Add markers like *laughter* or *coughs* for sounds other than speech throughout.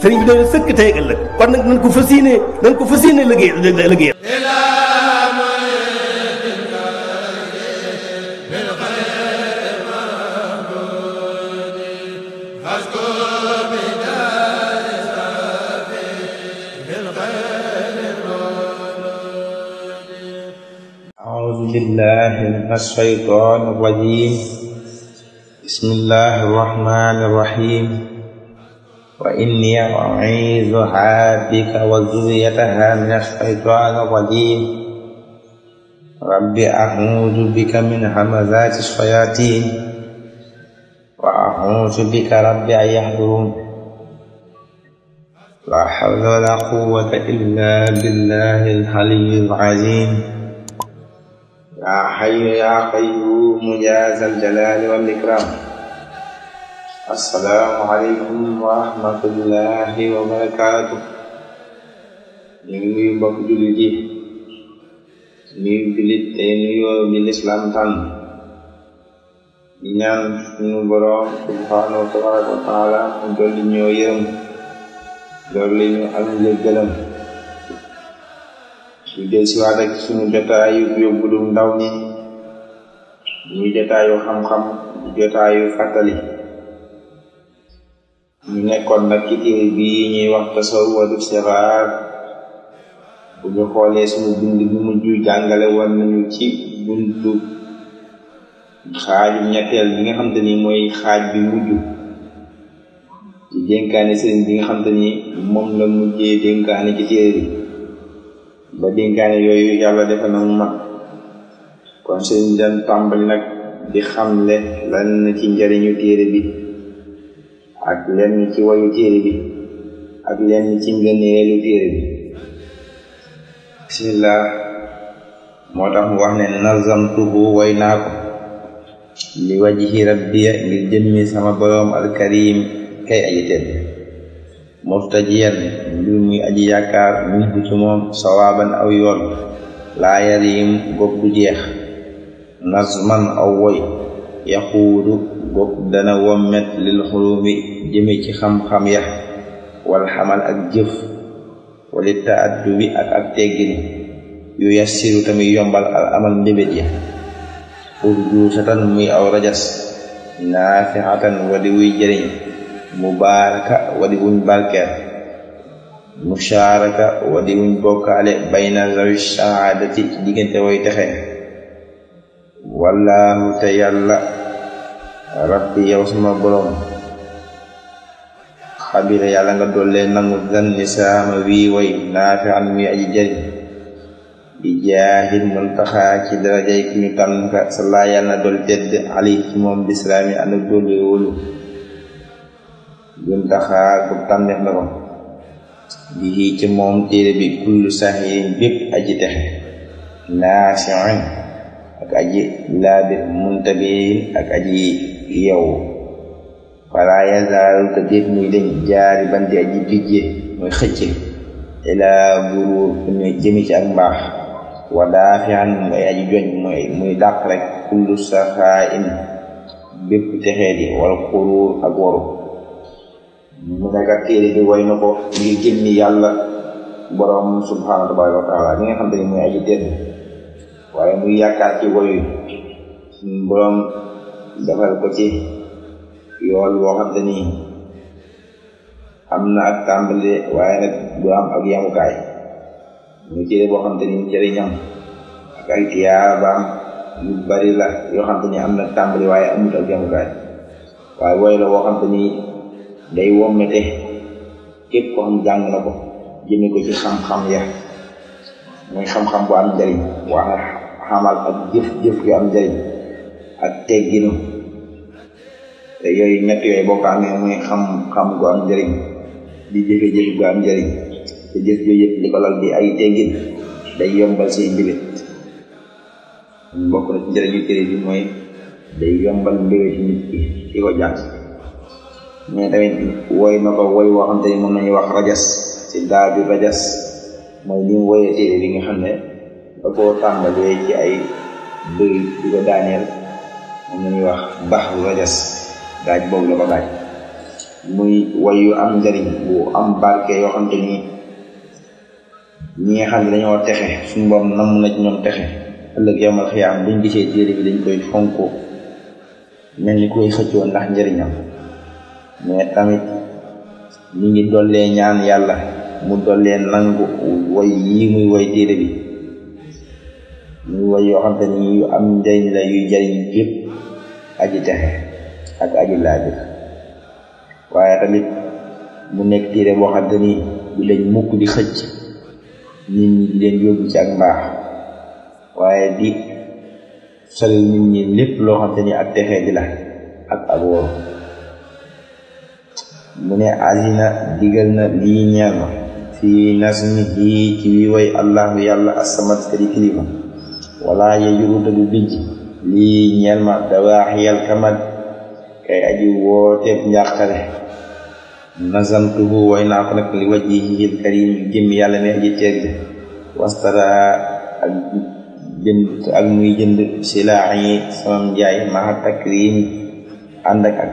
sëriñ bi doon sëkk tey ak ëllëg kon nag nañ ko fas yéene nañ ko fas yéene liggéey liggéey بالله من الشيطان الرجيم بسم الله الرحمن الرحيم وإني أعيذها بك وذريتها من الشيطان الرجيم رب أعوذ بك من همزات الشياطين وأعوذ بك رب أن يحضرون لا حول ولا قوة إلا بالله العلي العظيم يا حي يا قيوم يا ذا الجلال والإكرام assalaamu aleykum wa rahmatullahi wa barakaatu ñu ngi nuyu mbokk jullit yi nuyu jullit bi lislaam tànn di ñaan suñu boroom subhaanahu tabaraka wa mu dolli ñoo dolli ñu am njëggalam ñu del siwaat ak suñu jotaayu yóbbulum ndaw ñi muy jotaayu xam-xam jotaayu fàttali ñu nekkoon nag ci téere bi ñuy wax soo sixaar bu ñu xoolee suñu bind bi mujj jàngale woon nañu ci buntu xaaju ñetteel bi nga xam te ni mooy xaaj bi mujj ci xam te ni moom la mujjee dénkaane ci téere bi ba dénkaane yooyu yàlla defal na mu mat kon sëriñ bi tàmbali nag di xamle lan na ci njariñu téere bi ak lenn ci wayu téere bi ak lenn ci ngëneelu téere bi bismillah moo tax mu wax ne nazamtuhu way naa ko li wajhi rabbiya ngir jëmmi sama boroom alkarim kay aji tedd murtajiyan mbir muy aji yaakaar min ci moom sawaaban aw goog du jeex nazman aw woy yaquudu goog dana wommet lil xurumi jëme ci xam-xam ya wal xamal ak jëf wali taaddu bi ak ak teggin yu yassiru tamit yombal al amal mbébét ya urjuusatan muy aw naafixatan wadi wuy mubaaraka wadi barkeer mushaaraka wadi wuñ bokkaale bayna zawi saadati diggante way texe wallaahu te yàlla rabbi yow borom xabila yàlla nga dolle nangu gan nisaama wii way naafi an muy aji jëriñ bi jaahil muntaxa ci darajay ki ñu tànn ka na dool tedd ali ci moom bislaami ànd ak doole wóolu muntaxa ku tànneef na ko bi ci moom téere bi kullu saxirin bépp aji texe naasiin ak aji laabe muntabiin ak aji yow wala yazaalu te déet muy dañ jaari bante aji bijje muy xëcce ilaa buruur muy jëmi ci ak mbaax wa daafian muy aji joñ muy muy rek kullu saxaa in bépp texee di wala xuruur ak waru mu nekk ak téere bi way na ko ngir jëmmi yàlla borom subhaanahu tabaaraka wa taala mi nga xam te ni muy aji tedd waaye muy yaakaar ci woyu borom defal ko ci yool boo te nii am na ak tàmbali waaye nag du am ak yamukaay muy cëre boo te nii cëre ñam ak ay la yoo xam te ni am na tàmbali waaye amut ak waaye woy la boo xam te nii day wommete képp ko xam jàng na ko jëme ko ci xam-xam ya muy xam-xam bu am njariñ waa xamal ak jëf-jëf yu am njariñ ak tegginu te yooyu ñett yooyu boo ko amee muy xam xam gu am njëriñ di jëfe-jëf gu am njëriñ te jëf jooju yëpp li ko lal di ay teggin day yombal say mbébét bokk mooy day yombal mbébét nit ki ki ko jàng mais tamit woy na ko woy woo te moom nañuy wax rajas ci daa bi rajas mooy ni mu woyee téere nga xam ne da koo tàmbalee ci ay bëy di ko daaneel moom nañuy wax bax bu rajas gaaj boobu la ko gaaj muy way yu am njariñ bu am barke yoo xam te ni ñi nga xam ne dañoo texe suñu borom namm na ci ñoom texe ëllëg yomal xiyaam buñ gisee téere bi dañ koy fonko mel ni koy xëccoo ndax njëriñam mais tamit mu ngi dollee ñaan yàlla mu dollee nangu way yi muy way téere bi muy way yoo xam te ni yu am njëriñ la yuy njëriñ yëpp aji texe ak aji laaji waaye tamit mu nekk téere boo xam te ni du leen mukk di xëcc nit ñi di leen yóbbu ci ak mbaax waaye di sori nit ñi lépp loo ni ak texee di la ak ak wóoru mu ne azina digal na lii ñeel ma fii nasmihi ci wi way allahu yàlla asamat kadi kilifa wala ye juruta du bijj lii ñeel ma dawaaxiyal kamat kay aji wooteeb njàqare nazamtuhu way naa ko nag li wajhihil karim jëmmi yàlla mi aji teeg ji wastara ak muy jënd silaa yi samam njaay maa takrim ànd ak ak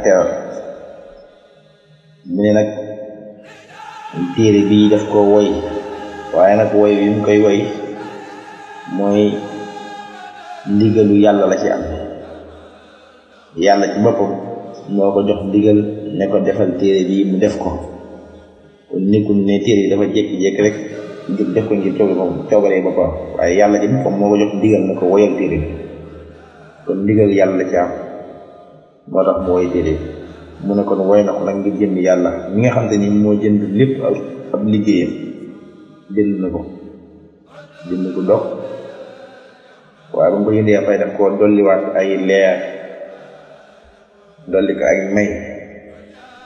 mu ne nag téere bii daf ko woy waaye nag woy bi koy woy mooy ndigalu yàlla la ci am yàlla ci boppam moo ko jox digal ne ko defal téere bi mu def ko kon nekkul ne téere bi dafa jékki-jékki rek jóg def ko ngir coobaree boppam waaye yàlla ci boppam moo ko jox digal ne ko woyal téere bi kon yàlla mu woy téere bi na ko yàlla mi xam te ni moo jënd lépp ab liggéeyam jënd na ko jënd ko dog waaye ba mu ko jëndee fay daf koo dolliwaat ay leer dolli ko ak may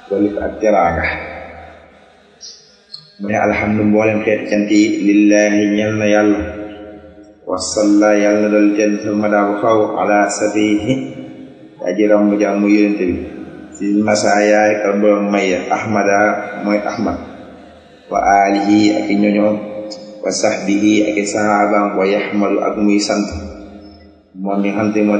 dolli ko ak teraanga mu ne mboolem xeet cant lillahi ñel na yàlla wasalla yàlla na dool ten sama daabu xaw ala safihi aji rambu jàmm yonente si masa ka borom may ahmada mooy ahmad wa alihi ak ñoñoom wa sahbihi ak sahabaam wa yaxmadu ak muy sant moom mi xam te moo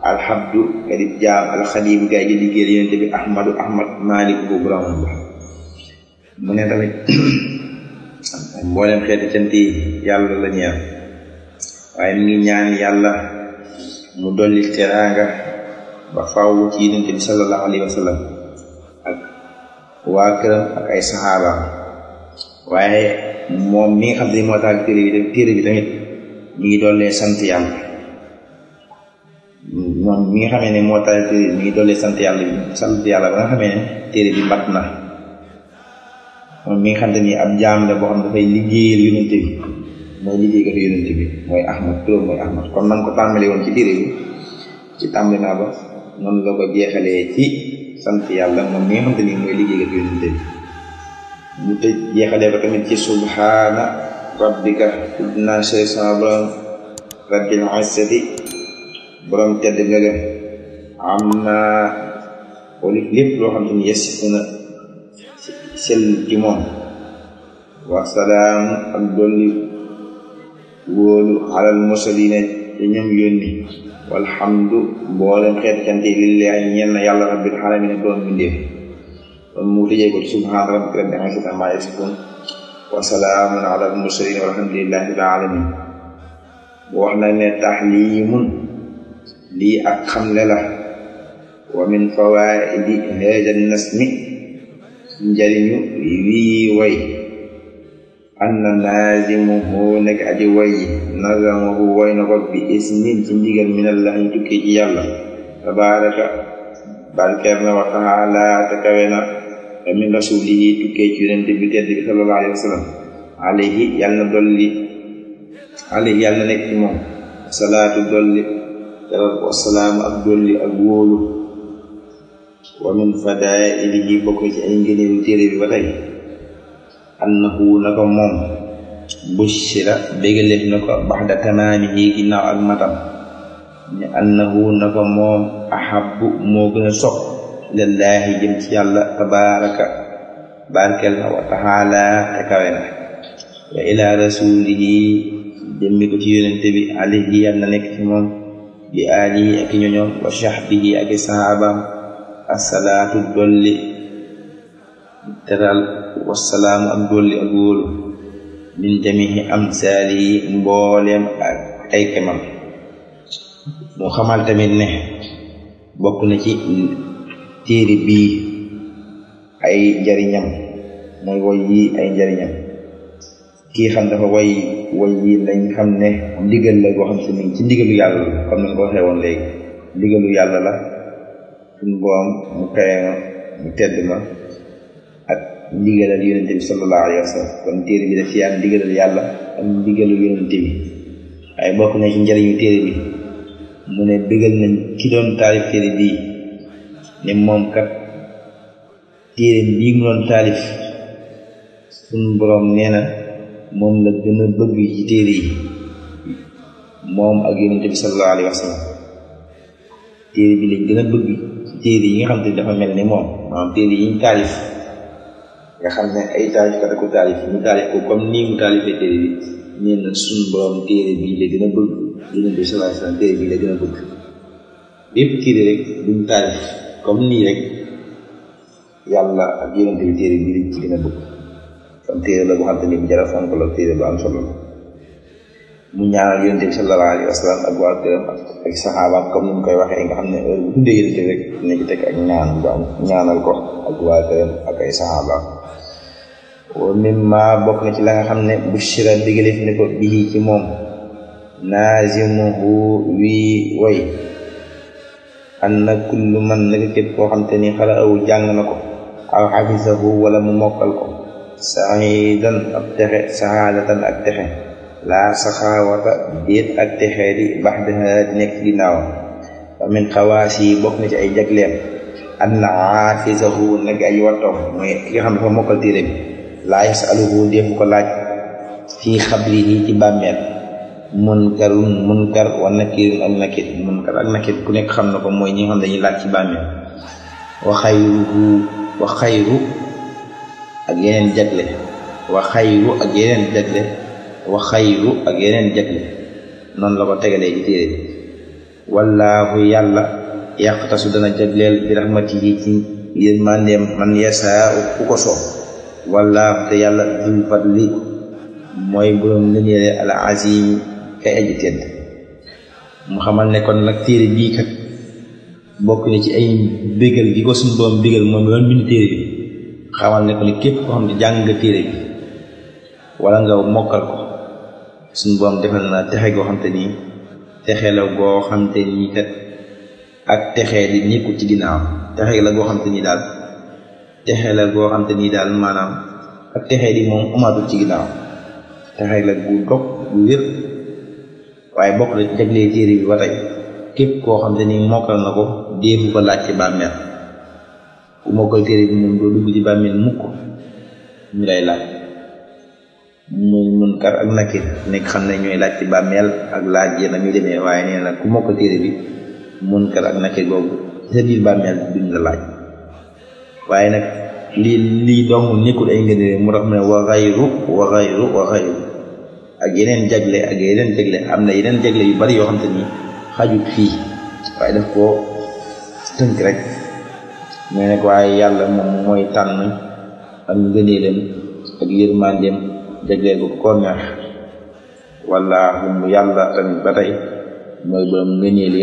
alhamdu kadib jaam alxadim gaay ji liggéeyal yonente bi ahmadu ahmad malik boobu ramoon la mu ne tamit *coughs* mboolem xeeti cant yi yàlla la waaye mi ñaan yàlla mu dolli teraanga ba faw ci yonente bi sallallahu alayhi wa sallam ak waa ak ay saxaabaam waaye moom mi nga xam ne moo tax téere bi téere bi tamit mi ngi dollee sant yàlla moom mi nga xamee ne moo tax mi ngi doolee sant yàlla bi sant yàlla ba nga xamee ne téere bi mat na moom mi nga xam te ni ab jaam la boo xam ne liggéeyal liggéey bi mooy liggéeykatu yonente bi mooy ahmad turam mooy ahmad kon na nga ko tàmbale woon ci téere bi ci tàmbali na ba noonu la ko jeexalee ci sant yàlla moom mi nga xam te ni mooy liggéeykatu yonente bi jeexalee ko tamit ci subhaana rabbika tudd naa sama borom rabbil izzati borom tedd nga ga am naa wala loo xam te ni yes na sell ci moom wa salaam ak dolli wóolu alal mursalina te ñoom yónni walhamdu mboolem xeet cant yi lillahi ñenn yàlla rabbil alamin ak doon bindéef kon mu tëjee ko subhaan rabbika rabbil izzati ammaa yasifuun wa salaamun alal mursalin walhamdulillahi rabbil alamin wax na ne taxliimun lii ak xamle la wa min fawaidi haaja nasmi njariñu wii way anna naazimuhu nekk aji way nazamahu way na ko bi ismin ci ndigal minallahi na wa taala te kawe na wa min rasulihi tukkee ci yonent bi tedd bi sallallahu alayhi wa sallam alayhi yàlla na dolli alayhi yàlla nekk ci salaatu dolli dawat wasalaam ak dolli ak wóolu wa min fadailihi bokk ci ay ngëneel téere bi ba tey annahu naka moom bushira bégaleef na ko baxda tamaamihi ginnaaw ak annahu naka moom ahabbu moo gën a sopp ci yàlla tabaraka barkel wa taala te kawe wa ila rasulihi jëmmi ko ci yonente bi alayhi yàlla na moom bi aalihi ak ñoñom wa sahbihi ak sahaabam asalaatu dolli teral wasalaamu ak dolli ak wóolu min jamihi amsaali yi mbooleem ay kemam mu xamal tamit ne bokk na ci téere bi ay njariñam mooy woy yi ay njariñam kii xam dafa woy way wii nañ xam ne ndigal la boo xam si ni ci ndigalu yàlla la comme nañ ko waxee woon léegi ndigalu yàlla la suñu boom mu kawe mu tedd ma ak ndigalal yonente bi sallallahu alayhi waaye bokk na ci njëriñu téere bi mu ne bégal nañ ki taalif téere bii ne moom kat téere bii mu doon taalif suñu nee na moom la gën a bëgg ci téere yi moom ak yonente bi a bëgg ci téere yi nga xam te dafa mel ni moom maanaam téere nga xam ne ay taalif kat ko taalif ñu taalif ko comme nii mu taalifee téere bi la gën a bëgg yonente téere bi la gën a bëgg bépp rek buñ taalif comme nii rek téere bi lañ ci gën a bëgg kon téere la boo xam te ni bu jar a fonk la téere bu am solo la mu ñaanal yonent bi sallallahu alayhi wa sallam ak waa këram ak saxaabaam comme ni mu koy waxee nga xam ne heure bu tuddee yonent rek dina ci teg ak ñaan bu am ñaanal ko ak waa këram ak ay saxaabaam wa mimma bokk na ci la nga xam ne bushira digaleef ne ko bii ci moom naazimuhu wi way an na kullu man naka képp koo xam te ni xala awu jàng na ko aw xafisahu wala mu mokkal ko saidan ab texe sahaadatan ak texe laa saxaawata déet ak texe di bax deha nekk ginnaawam wa min bokk na ci ay jagleem anna aafisahu nekk ay wattoom mooy ki nga xam dafa mokkal téere bi laa ko laaj fii xabri yi ci bàmmeel munkarun munkar wa nakirun ak nakir munkar ak nakir ku nekk xam na ko mooy ñi nga xam dañuy laaj ci bàmmeel wa xayru ak yeneen jagle wa xayru ak yeneen jagle ak yeneen jagle noonu la ko tegalee ci téere wallaahu yàlla yàqtasu dana jagleel bi rahmatihi ci yërmandeem man yasaa'u ku ko soob wallaahu te yàlla dul fadli mooy boroom ngëneele al azim kay aji tedd mu xamal ne kon nag téere bii kat bokk ci ay bégal gi ko suñu boroom bégal moom yoon téere xamal ne ko li képp koo xam ne jàng nga téere bi wala nga mokkal ko suñu boom defal naa texe goo xam nii texe la goo xam te texe di ci ginnaaw texe la goo xam te ni daal texe la goo xam te daal maanaam ak texe di moom amaatul ci ginnaaw texe la gu dog gu wér waaye bokk na jaglee téere bi ba képp koo xam te ni mokkal na ko déefu ko laaj ci bàmmeel ku moo koy téere bi moom doo dugg ci bàmmeel mukk ñu lay laaj muy mun kar ak nakir nekk xam ne ñooy laaj ci bàmmeel ak laaj yéen a demee waaye nee na ko téere bi mun kar ak nakir nag lii lii dong nekkul ay ngëneel mu tax mu ne wa xayru wa ak yeneen jagle ak yeneen jagle am na yeneen jagle yu bari yoo xam te xajut fii waaye daf koo tënk rek mais nag waaye yàlla moom mooy tànn ak ngëneelam ak yërmandeem jagleel ko ko neex wallaahu yàlla tamit ba tey mooy borom ngëneel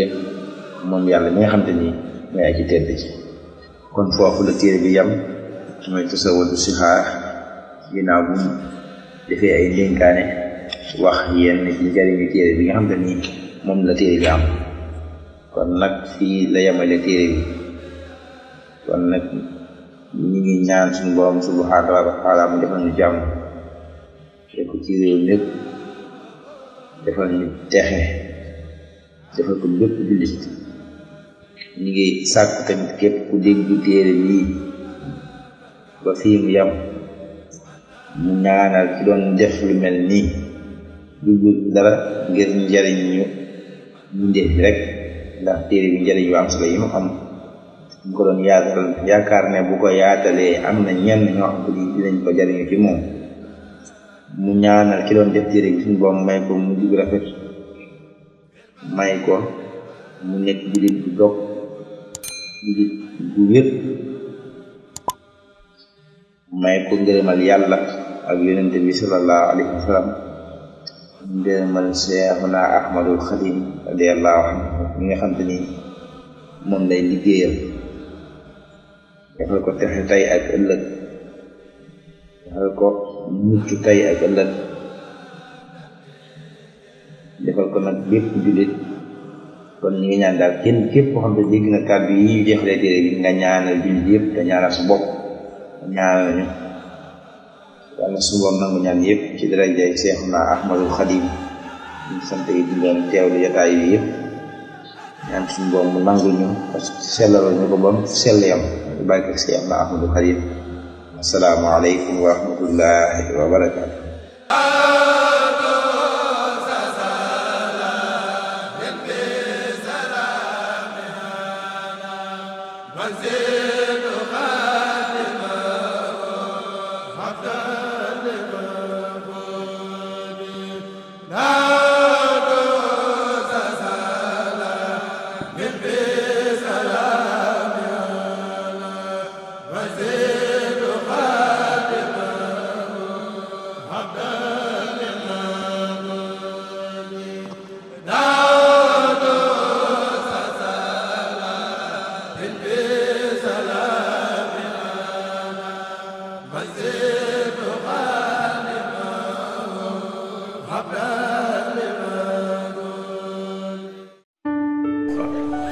moom yàlla mi nga xam te nii mooy aji tedd ci kon foofu la téere bi yam mooy tasawadu sixaar ay dénkaane wax yenn bi nga xam moom la téere bi am kon nag fii la yamale téere bi kon nag ñu ngi ñaan suñu borom subhanahu wa taala mu defal ñu jàmm defal ñu texe defal ko lépp jullit ñu ngi sàkk tamit képp ku dégg téere lii ba fii mu yam mu ñaanal ci doon def lu mel nii duggu dara ngir njariñ ñu ñu rek ndax téere bi njariñ yu am solo yi mu am mu ko doon yaatal yaakaar ne bu ko yaatalee am na ñenn ñoo xam ne dinañ ko jariñu ci moom mu ñaanal ki doon def téere bi suñu boom may ko mu jug rafet may ko mu may ko ngërëmal yàlla ak yonent bi sallallahu alayhi wa sallam ngërëmal Seexuna Ahmadul Xadim radiallahu anhu mi nga xam te ni moom lay liggéeyal defal ko texe tey ak ëllëg defal ko mucc tey ak ëllëg defal ko nag bépp jullit kon ñu ngi ñaan daal kenn képp koo xam na kàddu yi ñu jeexalee téere bi nga ñaanal jullit yëpp te ñaanal sa bopp ñaanal ñu yàlla suñu borom nangu ñaan yëpp ci darajaay Seexuna Ahmadul Xadim ñu sant yi di leen teewlu jotaay yi yëpp ñaan suñu boom mu nangul ñu parce que sellal ñu ko ba mu sell yam ñu bàyyi ko si yàlla ahmadou xarit asalaamaaleykum wa rahmatullahi wa barakaatu